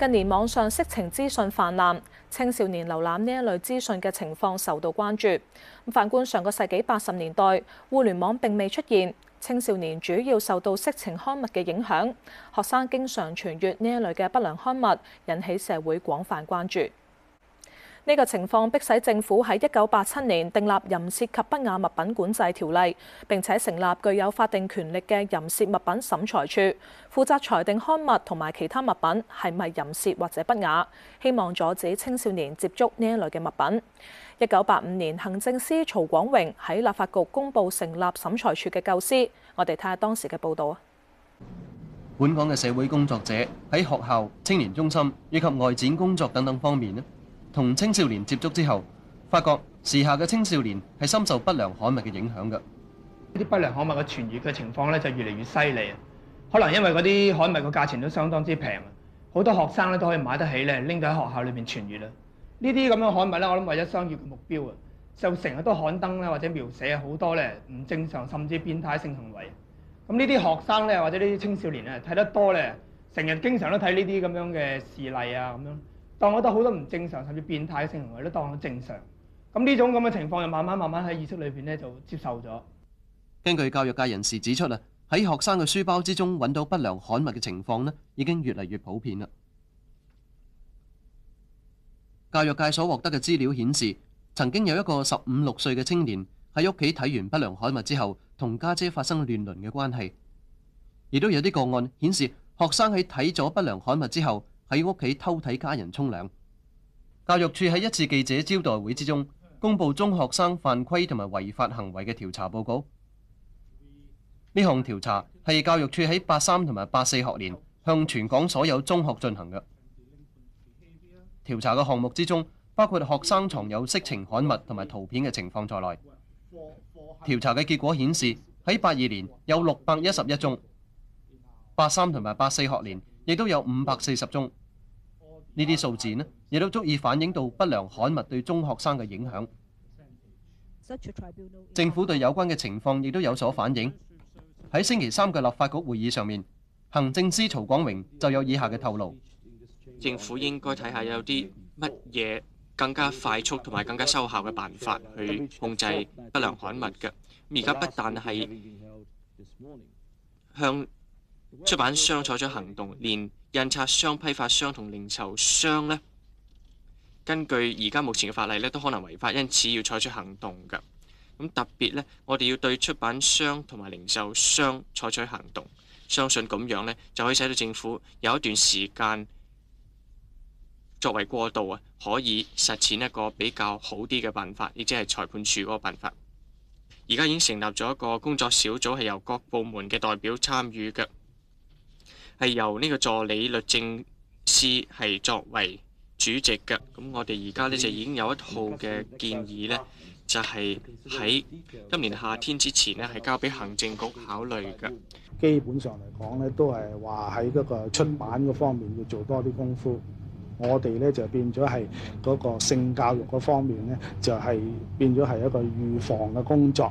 近年網上色情資訊泛濫，青少年瀏覽呢一類資訊嘅情況受到關注。咁反觀上個世紀八十年代，互聯網並未出現，青少年主要受到色情刊物嘅影響，學生經常傳閱呢一類嘅不良刊物，引起社會廣泛關注。呢個情況迫使政府喺一九八七年訂立淫褻及不雅物品管制條例，並且成立具有法定權力嘅淫褻物品審裁處，負責裁定刊物同埋其他物品係咪淫褻或者不雅，希望阻止青少年接觸呢一類嘅物品。一九八五年，行政司曹廣榮喺立法局公布成立審裁處嘅構思。我哋睇下當時嘅報導啊。本港嘅社會工作者喺學校、青年中心以及外展工作等等方面咧。同青少年接觸之後，發覺時下嘅青少年係深受不良刊物嘅影響㗎。呢啲不良刊物嘅傳閱嘅情況咧就越嚟越犀利啊！可能因為嗰啲刊物嘅價錢都相當之平啊，好多學生咧都可以買得起咧，拎到喺學校裏面傳閱啦。呢啲咁樣刊物咧，我諗為咗商業嘅目標啊，就成日都刊登咧或者描寫好多咧唔正常甚至變態性行為。咁呢啲學生咧或者呢啲青少年啊睇得多咧，成日經常都睇呢啲咁樣嘅事例啊咁樣。當我覺得好多唔正常甚至變態性行為都當咗正常，咁呢種咁嘅情況就慢慢慢慢喺意識裏邊呢就接受咗。根據教育界人士指出啊，喺學生嘅書包之中揾到不良刊物嘅情況呢，已經越嚟越普遍啦。教育界所獲得嘅資料顯示，曾經有一個十五六歲嘅青年喺屋企睇完不良刊物之後，同家姐發生亂倫嘅關係，亦都有啲個案顯示學生喺睇咗不良刊物之後。喺屋企偷睇家人沖涼。教育署喺一次記者招待會之中，公布中學生犯規同埋違法行為嘅調查報告。呢項調查係教育署喺八三同埋八四學年向全港所有中學進行嘅調查嘅項目之中，包括學生藏有色情刊物同埋圖片嘅情況在內。調查嘅結果顯示，喺八二年有六百一十一宗，八三同埋八四學年亦都有五百四十宗。呢啲數字呢，亦都足以反映到不良刊物對中學生嘅影響。政府對有關嘅情況亦都有所反映。喺星期三嘅立法局會議上面，行政司曹廣榮就有以下嘅透露：政府應該睇下有啲乜嘢更加快速同埋更加收效嘅辦法去控制不良刊物嘅。咁而家不但係向出版商採取行動，連印刷商、批發商同零售商呢，根據而家目前嘅法例呢，都可能違法，因此要採取行動㗎。咁特別呢，我哋要對出版商同埋零售商採取行動，相信咁樣呢就可以使到政府有一段時間作為過渡啊，可以實踐一個比較好啲嘅辦法，亦即係裁判處嗰個辦法。而家已經成立咗一個工作小組，係由各部門嘅代表參與㗎。係由呢個助理律政司係作為主席嘅，咁我哋而家呢就已經有一套嘅建議呢，就係喺今年夏天之前呢係交俾行政局考慮嘅。基本上嚟講呢，都係話喺嗰個出版嗰方面要做多啲功夫。我哋呢就變咗係嗰個性教育嗰方面呢，就係變咗係一個預防嘅工作。